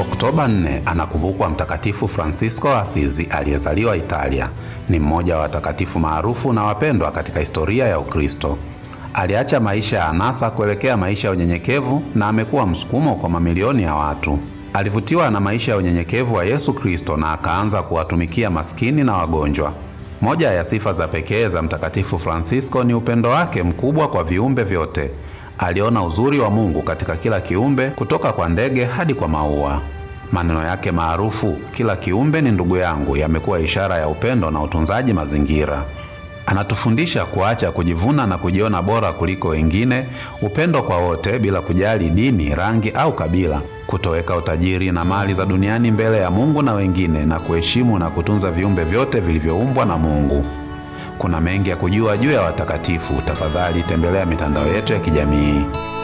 Oktoba 4 anakumbukwa Mtakatifu Francisco wa Asizi aliyezaliwa Italia. Ni mmoja wa watakatifu maarufu na wapendwa katika historia ya Ukristo. Aliacha maisha ya anasa kuelekea maisha ya unyenyekevu na amekuwa msukumo kwa mamilioni ya watu. Alivutiwa na maisha ya unyenyekevu wa Yesu Kristo na akaanza kuwatumikia maskini na wagonjwa. Moja ya sifa za pekee za Mtakatifu Francisco ni upendo wake mkubwa kwa viumbe vyote. Aliona uzuri wa Mungu katika kila kiumbe, kutoka kwa ndege hadi kwa maua. Maneno yake maarufu, kila kiumbe ni ndugu yangu, yamekuwa ishara ya upendo na utunzaji mazingira. Anatufundisha kuacha kujivuna na kujiona bora kuliko wengine, upendo kwa wote bila kujali dini, rangi au kabila, kutoweka utajiri na mali za duniani mbele ya Mungu na wengine, na kuheshimu na kutunza viumbe vyote vilivyoumbwa na Mungu. Kuna mengi ya kujua juu ya watakatifu. Tafadhali tembelea mitandao yetu ya kijamii.